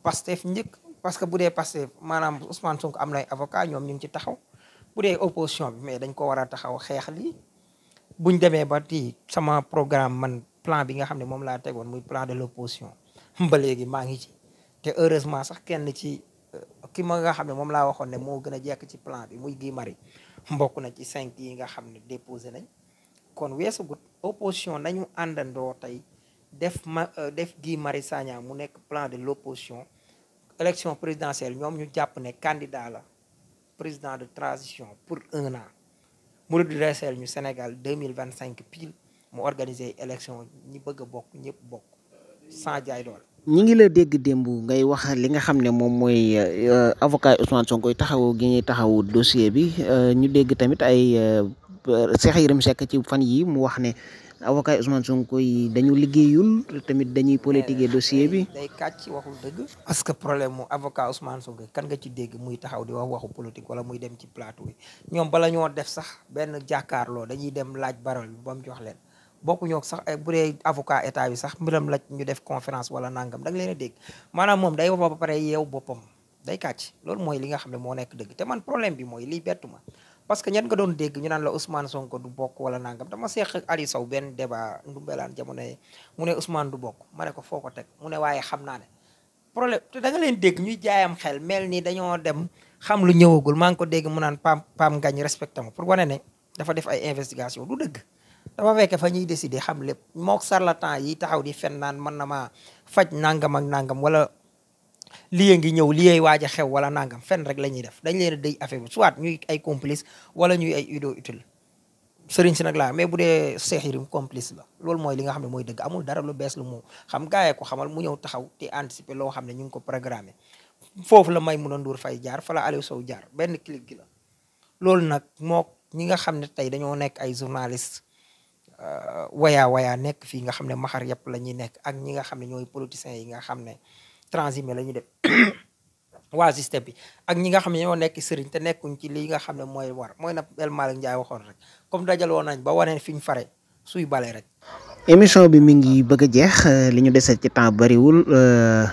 Pastef njëkk parce que bu dee Pastef maanaam Ousmane Sonko am nay avocat ñoom ñu ngi ci taxaw bu dee opposition bi mais dañ ko war a taxaw xeex li buñ demee ba ti sama programme man plan bi nga xam ne moom laa tegoon muy plan de l'opposition mba <laughs> léegi maa ngi ci te heureusement sax kenn ci euh, ki ma nga xam ne moom laa waxoon ne moo gën a jekk ci plan bi muy Guy Marius mbokk na ci cinq yi nga xam ne déposé nañ kon weesu gut opposition nañu àndandoo tey def ma euh, def gii Marius Sagna mu nekk plan de l'opposition élection présidentielle ñoom ñu jàpp ne candidat la président de transition pour un an mu di reseel ñu Sénégal deux mille vingt cinq pile mu organiser élection ñi bëgg a bokk ñëpp bokk sans jaay doole. ñi ngi la dégg démb ngay wax li nga xam ne moom mooy euh, avocat Ousmane Sonko koy taxawu gi ñuy taxawu dossier bi euh, ñu dégg tamit ay euh, Cheikh Yérim Seck ci fan yi mu wax ne. avocat Ousmane Sonko yi dañu liggéeyul tamit dañuy politiquer dossier bi. day kàcc waxul dëgg. parce que problème mu avocat Ousmane Sonko kan nga ci dégg muy taxaw di wax waxu politique wala muy dem ci plateau yi ñoom bala ñoo def sax benn jàkkaarloo dañuy dem laaj baral bi ba jox leen. bokku ñoo sax eh, bu dee avocat état bi sax mbiram la ñu def conférence wala nangam da leen a dégg maanaam moom day wax ba pare yeew boppam day kàcc loolu mooy li nga xam ne moo nekk dëgg te man problème bi mooy lii ma. parce que ñet nga doon dégg ñu naan la Ousmane Sonko du bokk wala nangam dama seeq ak Aliou Sow benn débat ndumbelaan jamono yi mu ne Ousmane du bokk ma ne ko foo ko teg mu ne waaye xam naa ne problème te da leen dégg ñuy jaayam xel mel ni dañoo dem xam lu ñëwagul maa ngi ko dégg mu naan pam pam gañ respecté ma pour wane ne dafa def ay investigation du dëgg dafa fekk fa ñuy décider xam lépp mook charlatan yi taxaw di fen naan mën na faj nangam ak nangam wala lii ngi ñëw lii ay waaj xew wala nangam fenn rek la ñuy def dañ leen day dëy affaire bi soit ñuy ay complice wala ñuy ay ido utile sëriñ si nag laa mais bu dee Cheikh Yérim complice la lool mooy li nga xam ne mooy dëgg amul dara lu bees lu mu xam gaayee ko xamal mu ñëw taxaw te anticiper loo xam ne ñu ngi ko programmé foofu la may mun a fay jaar fala Aliou jaar benn clip nag moo ñi nga xam ne tey dañoo nekk ay journaliste wayaa euh, wayaa nekk fii nga xam ne maxar yëpp la ñuy nekk ak ñi nga xam ne ñooy politiciens yi nga xam ne transhumé la ñu de <coughs> waa système bi ak ñi nga xam ne ñoo nekk sëriñ te nekkuñ ci li nga xam ne mooy war mooy na El Malick Ndiaye waxoon rek comme dajaloo nañ ba waneen fi ñu fare suy bale rek. émission bi mu ngi bëgg a jeex li ñu desal ci temps bariwul euh,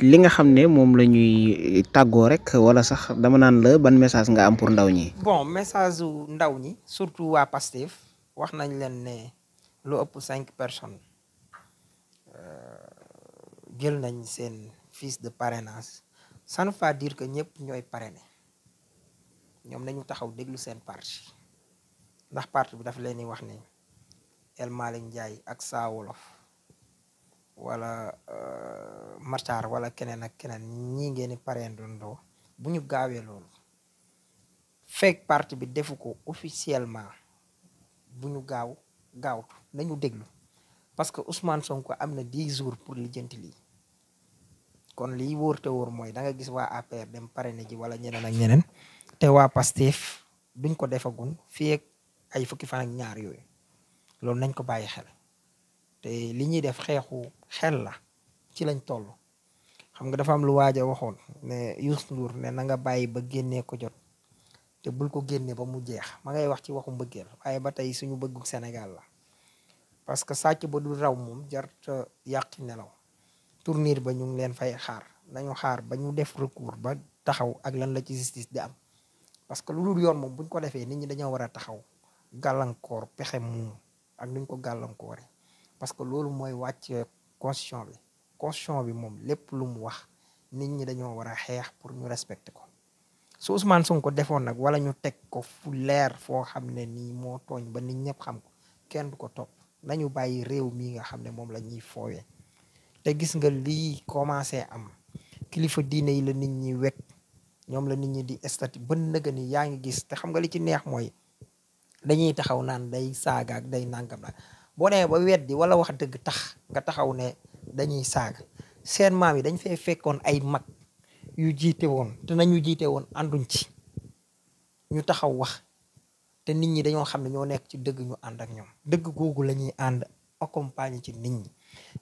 li nga xam ne moom la ñuy tàggoo rek wala sax dama naan la ban message nga am pour ndaw ñi. bon message ndaw ñi surtout waa Pastef wax nañ leen ne lu ëpp cinq personnes. jël nañ seen fiche de parrainage ça ne diir pas dire que ñëpp ñooy parrainé ñoom nañu taxaw déglu seen parti ndax parti bi dafa leen di wax ni El Malick Ndiaye ak Saa Wolof wala euh, Matar wala keneen ak keneen ñi ngeen di parrainé dondoo bu ñu gaawee loolu fekk parti bi defu ko officiellement bu ñu gaaw gaawtu nañu déglu parce que Ousmane Sonko am na 10 jours pour lijjanti lii kon lii wóor te woor mooy da nga gis waa APR dem pare na ji wala ñeneen ak ñeneen te waa PASTEF duñ ko defagul fii ay fukki fan ñaar yooyu loolu nañ ko bàyyi xel te li ñuy def xeexu xel la ci lañ toll xam nga dafa am lu waaj a waxoon ne Youssou Ndour ne na nga bàyyi ba génnee ko jot te bul ko génnee ba mu jeex ma ngay wax ci waxu mbëggeel waaye ba tey suñu bëggu senegal la parce que sàcc ba dul raw moom jar yàq nelaw. tournir ba ñu ngi leen fay xaar nañu xaar ba ñu def recours ba taxaw ak lan la ci sistis di am parce que lu dul yoon moom buñ ko defee nit ñi dañoo war a taxaw gàllankoor pexe mu ak nuñ ko gàllankoore parce que loolu mooy wàcce constitution bi constitution bi moom lépp lu mu wax nit ñi dañoo war a xeex pour ñu respecter ko su Ousmane ko defoon nag wala ñu teg ko fu leer foo xam ne nii moo tooñ ba nit ñëpp xam ko kenn du ko topp nañu bàyyi réew mii nga xam ne moom la ñuy foowee te gis nga lii commencé am kilifa diine yi la nit ñi wekk ñoom la nit ñi di estati ba nëga ni yaa ngi gis te xam nga li ci neex mooy dañuy taxaw naan day saaga ak day nàngam la boo demee ba weddi wala wax dëgg tax nga taxaw ne dañuy saaga seen maam yi dañ fee fekkoon ay mag yu jiite woon te nañu jiite woon ànduñ ci ñu taxaw wax te nit ñi dañoo xam ne ñoo nekk ci dëgg ñu ànd ak ñoom dëgg googu la ñuy ànd accompagner ci nit ñi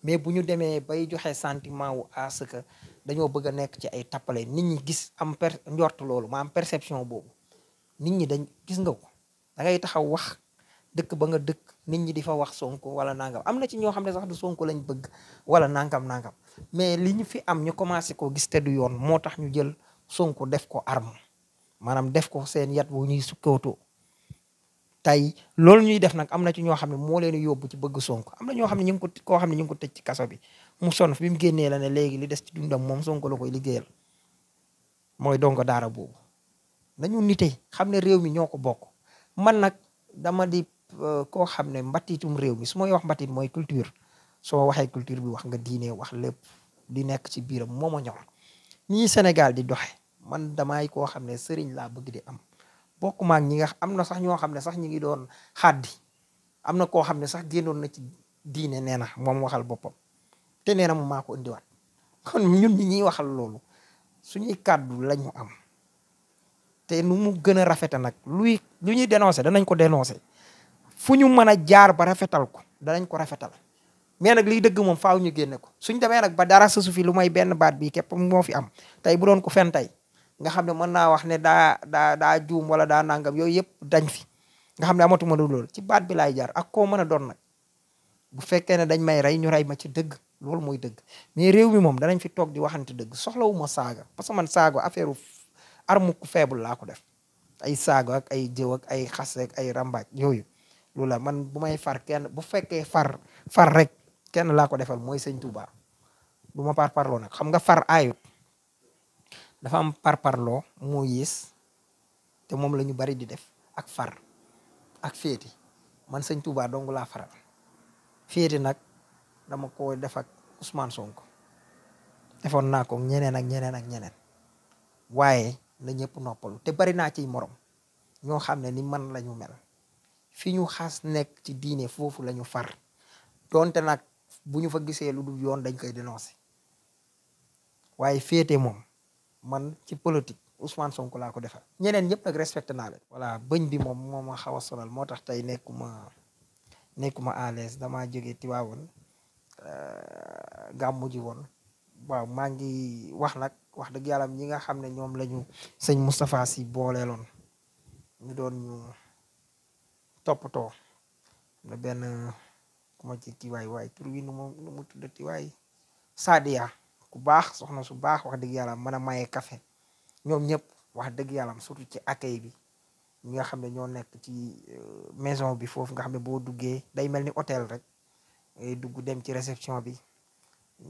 mais bu ñu demee bay joxe sentiment wu à ce que dañoo bëgg a nekk ci ay tappale nit ñi gis am per njort loolu ma am perception boobu nit ñi dañ gis nga ko da ngay taxaw wax dëkk ba nga dëkk nit ñi di fa wax sonko wala nangam am na ci ñoo xam ne sax du sonko lañ bëgg wala nangam nangam mais li ñu fi am ñu commencé koo gis te du yoon moo tax ñu jël sonko def ko arme maanaam def ko seen yat bu ñuy sukkootoo tey loolu ñuy def nag am na ci ñoo xam ne moo leen yóbbu ci bëgg Sonko am na ñoo xam ne ñu ngi ko koo xam ne ñu ngi ko tëj ci kaso bi mu sonn fi mu génnee la ne léegi li des ci dundam moom Sonko la koy liggéeyal mooy dongo daara boobu nañu nite xam ne réew mi ñoo ko bokk man nag dama di euh, koo xam ne mbatiitum réew mi su may wax mbatit mooy culture soo waxee culture bi wax nga diine wax lépp di nekk ci biiram moom moo ma ñor ñi Sénégal di doxe man damay koo xam ne sëriñ laa bëgg di am bokk maak ñi nga am na sax ñoo xam ne sax ñi ngi doon xaddi am na koo xam ne sax génnoon na ci diine neena moom waxal boppam te nee na mu maa ko indiwaat kon waxal loolu suñuy kàddu lañu am te nu mu gën a rafete nag luy lu ñuy dénoncé danañ ko dénoncé fu ñu mën a jaar ba rafetal ko danañ ko rafetal mais nag liy dëgg moom faaw ñu génne ko suñ demee nag ba dara sa su fi lu may benn baat bi képp moo fi am tey bu doon ko fen tey nga xam ne mën naa wax ne daa daa daa juum wala daa nangam yooyu yëpp dañ fi nga xam ne amatuma du loolu ci baat bi laay jaar ak koo mën a doon nag bu fekkee ne dañ may rey ñu ray ma ci dëgg loolu mooy dëgg mais réew mi moom danañ fi toog di waxante dëgg soxlawu ma saaga parce que man saago affaire arme ku feebul laa ko def ay saago ay jëw ak ay xas ak ay rambaaj yooyu loolu la man bu may far kenn bu fekkee far far rek kenn laa ko defal mooy sëñ Touba du ma par parloo nag xam nga far aayut dafa am parparloo moo yées te moom la ñu bari di def ak far ak féeti man sëñ Touba dong laa faral féeti nag dama ko def ak Ousmane Sonko defoon naa ko ñeneen ak ñeneen ak ñeneen waaye na ñëpp noppalu te bari naa ciy morom ñoo xam ne ni man lañu mel fi ñu xas nekk ci diine foofu la ñu far doonte nag bu ñu fa gisee lu dul yoon dañ koy dénoncer waaye féete moom man ci politique Ousmane Sonko laa ko defal ñeneen ñëpp nag respecté naa leen. voilà bëñ bi moom moo ma xaw a sonal moo tax tey nekkuma nekkuma à l'aise damaa jógee Tiwaawoon euh, gàmmu ji woon waaw maa ngi wax nag wax dëgg yàlla ñi nga xam ne ñoom lañu ñu sëñ Moustapha si booleeloon ñu doon ñu toppatoo na benn ku ma ci tiwaay waay tur wi nu mu nu mu tuddati waay Sadia. ku baax soxna su baax wax dëgg yàlla mën a maye café ñoom ñëpp wax dëgg yàlla surtout ci accueil bi ñi nga xam ne ñoo nekk ci euh, maison bi foofu nga xam ne boo duggee day mel ni hôtel rek ngay dugg dem ci réception bi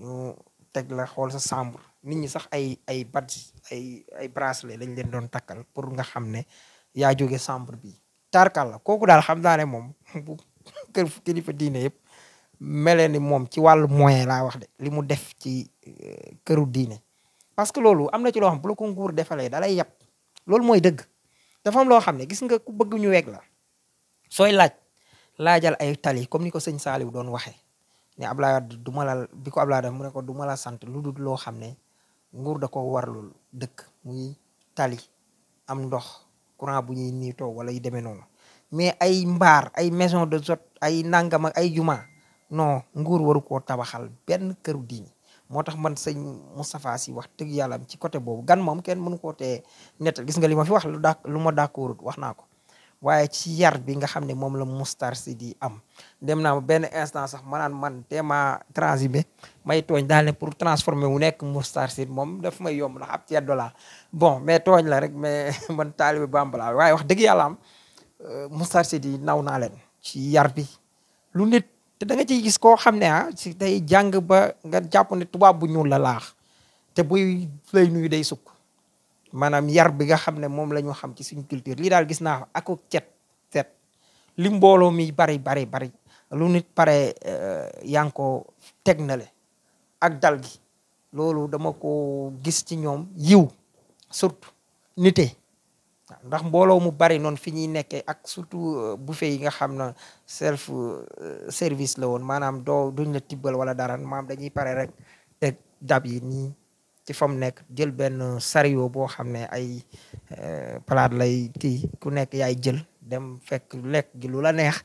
ñu teg la xool sa chambre nit ñi sax ay ay badge ay ay bracelet lañ leen doon takkal pour nga xam ne yaa jóge chambre bi tarkal la kooku daal xam naa ne moom <laughs> bu kër kilifa diine yëpp melee ni moom ci wàllu moyen laa wax de li mu def ci euh, këru diine parce que loolu am na ci loo xam bu la ko nguur defalee da lay yab loolu mooy dëgg dafa am loo xam ne gis nga ku bëgg ñu weg la sooy laaj laajal ay tali comme ni ko sëñ Saliou doon waxee ne Abdoulaye Wade du ma la bi ko mu ne ko du ma la sant lu du loo xam ne nguur da ko warlul dëkk muy tali am ndox courant bu ñuy niitoo wala yu demee noonu mais ay mbaar ay maison de zot ay nangam ak ay juma non nguur waru koo tabaxal benn këru diine moo tax man sañ Moustapha si wax dëgg yàlla ci côté boobu gan moom kenn mënu koo tee nettal gis nga li ma fi wax lu daa lu ma d'accordut wax naa ko waaye ci yar bi nga xam ne moom la Moustar si di am dem naa benn instant sax ma naan man teema transhumé may tooñ daal ne pour transformer wu nekk Moustar Sy moom daf may yomb ndax ab ceddo laa bon mais tooñ la rek mais <laughs> man taalibe bambalaa waaye wax dëgg yàlla am euh, Moustar di naw naa leen ci yar bi te da nga ciy gis koo xam ne ah si day jàng ba nga jàpp ne tubaab bu ñuul la laax te buy lay nuyu day sukk maanaam yar bi nga xam ne moom lañu xam ci suñu culture lii daal gis naa ako cet cet li mbooloo mi bari bari bari lu nit pare eh, yaa ngi ko teg nale ak dal gi loolu dama ko gis ci ñoom yiw surtout nite ndax mbooloo mu bari noonu fi ñuy nekkee ak surtout euh, buffet yi nga xam na self euh, service la woon maanaam doo duñ la tibbal wala dara maam dañuy pare rek teg dab yi nii ci fa mu nekk jël benn sario boo xam ne ay euh, palaat lay kii ku nekk yaay jël dem fekk lekk gi lu la neex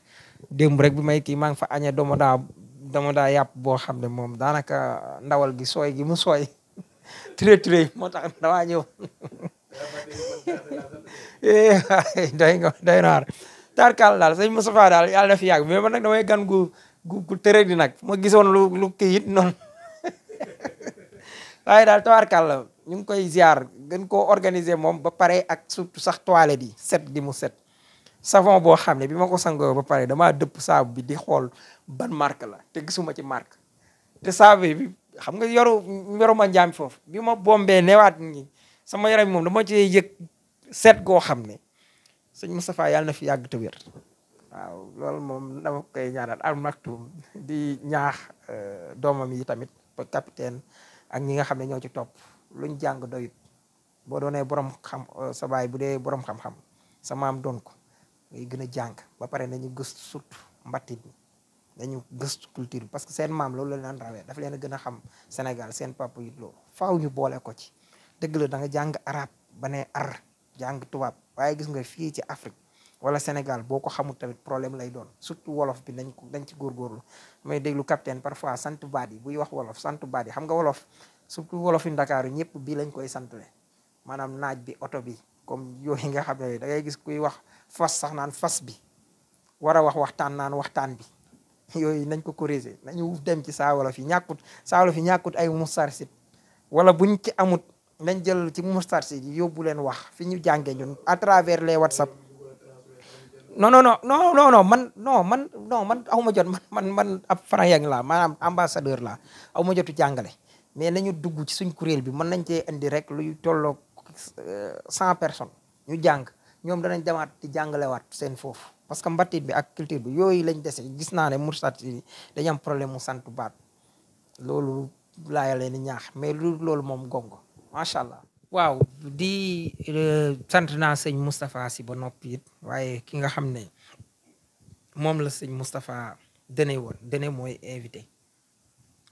démb rek bi may kii maa ngi fa añee domodaa domodaa yàpp boo xam ne moom daanaka ndawal gi sooy gi mu sooy turé <laughs> turé moo tax dawaa <laughs> day nga day naar tarkal daal sëñ Moustapha daal yàlla na fi yàgg mais man na damay gan gu gu tërëg di nag ma gisoon lu lu kii noon noonu <laughs> daal tawarkal la ñu ngi koy ziar gën koo organiser moom ba pare ak surtout sax toilette di set di mu set savon boo xam ne bi ma ko sangoo ba pare damaa dëpp saabu bi di xool ban marque la te gisuma ci marque te saabu bi xam nga yoru ma njaam foofu bi ma bombee newaat nii sama yaram moom dama cee yëg seet goo xam ne sëñ safaa yàlla na fi yàgg te wér waaw loolu moom dama koy ñaanal al maktum di ñaax euh, doomam yi tamit ba ak ñi nga xam ne ñoo ci topp luñ jàng doyut boo doonee borom xam euh, sa bu dee borom xam-xam sa maam doon ko ngay gën a jàng ba pare nañu gëstu surtout mbattit mi dañu gëstu culture bi parce que seen maam loolu la leen rawee dafa leen a gën a xam Sénégal seen papa yi loo faw ñu boole ko ci dëgg la da nga jàng arab ba ne ar jàng tubaab waaye gis nga fii ci Afrique wala Sénégal boo ko xamul tamit problème lay doon surtout wolof bi nañ ko dañ ci góorgóorlu may déglu capitaine parfois sant baat yi buy wax wolof sant baat yi xam nga wolof surtout wolof yu ndakaaru ñëpp bii lañ koy sant santale maanaam naaj bi oto bi comme yooyu nga xam ne da ngay gis kuy wax fas sax naan fas bi war a wax waxtaan naan waxtaan bi <laughs> yooyu nañ ko corriger nañu dem ci saa wolof yi ñàkkut saa wolof yi ñàkkut ay musarsit wala buñ ci amut nañ jël ci Moustarchidine yi yóbbu leen wax fi ñu jàngee ñun à travers les WhatsApp no no no non non man non man non man aw ma jot man man man ab franc la maanaam ambassadeur la aw ma jàngale mais nañu dugg ci suñ kuréel bi mën nañ cee indi rek luy tolloo euh, cent personnes ñu jàng ñoom danañ demaat di jàngalewaat seen foofu parce que mbatit bi ak culture bi yooyu lañ dese gis naa ne Moustarchidine yi dañu am problème mu sant baat loolu laaya ni ñaax mais lu loolu moom gongo macha allah. waaw di eh, sant naa sëñ Moustapha si ba noppi it waaye ki nga xam ne moom la sëñ Moustapha dene woon dene mooy invité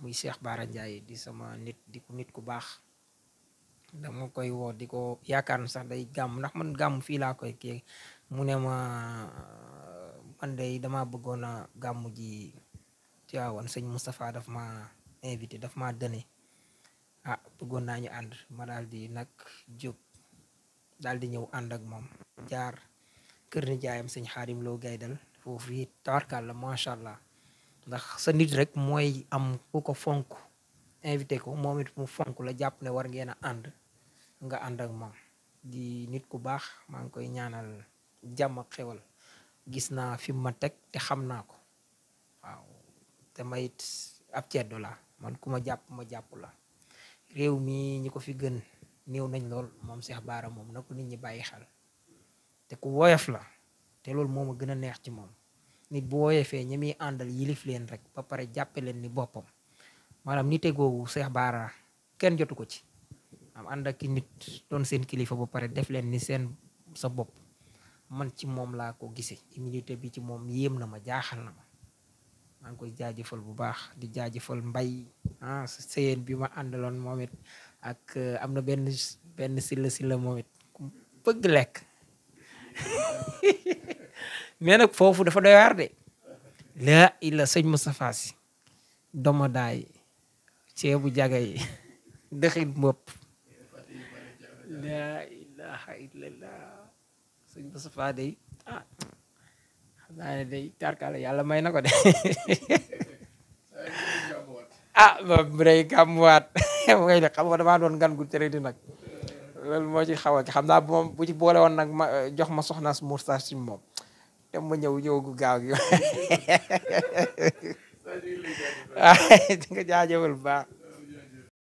muy Cheikh Bara Ndiaye di sama nit di ku nit ku baax dama koy woo di ko yaakaar na sax day gàmm ndax man gàmm fii laa koy kii mu ne ma man day dama bëggoon a gàmm ji ci waawoon sëñ Moustapha daf ma invité daf ma dene ah bëggoon naa ñu ànd ma daal di nag jóg dal di ñëw ànd ak moom jaar kër ni jaayam sëñ xaarim loo gaydal foofu it tawarkaal la macha allah ndax sa nit rek mooy am ku ko fonk invité ko moom it mu fonk la jàpp ne war ngeen a ànd nga ànd ak moom di nit ku baax maa ngi koy ñaanal jàmm ak xewal gis naa fi ma teg te xam naa ko waaw te mayit ab ceddo la man ku ma jàpp ma jàpp la réew mi ñi ko fi gën néew nañ lool moom seex baara moom na ko nit ñi bàyyi xel te ku woyof la te loolu moo ma gën a neex ci moom nit bu woyofee ñi muy àndal yilif leen rek ba pare jàppe leen ni boppam maanaam nite googu Cheikh Bara kenn jotu ko ci am ànd ak nit doon seen kilifa ba pare def leen ni seen sa bopp man ci moom laa ko gisee humilité bi ci moom yéem na ma jaaxal na ma maa koy jaajëfal bu baax di jaajëfal mbay ah sëyeen bi ma àndaloon moom ak euh, am na benn benn silla silla moom bëgg lekk <laughs> mais nag foofu dafa doy waar de laa illa sëñ Moustapha si domodaay ceebu jaga yi <laughs> dëxin bopp laa ilaha illallah sëñ Moustapha day ah naa ne day tarkala yàlla may na ko de <laughs> ah ba bu day gàmmuwaat ngay de xam nga damaa doon ngan gu tere di nag loolu moo ci xaw xam naa bu ci boole woon nag ma jox ma soxnaas moustache si moom te ma ñëw ñëw gu gaaw gi waaw di nga jaajëfal baax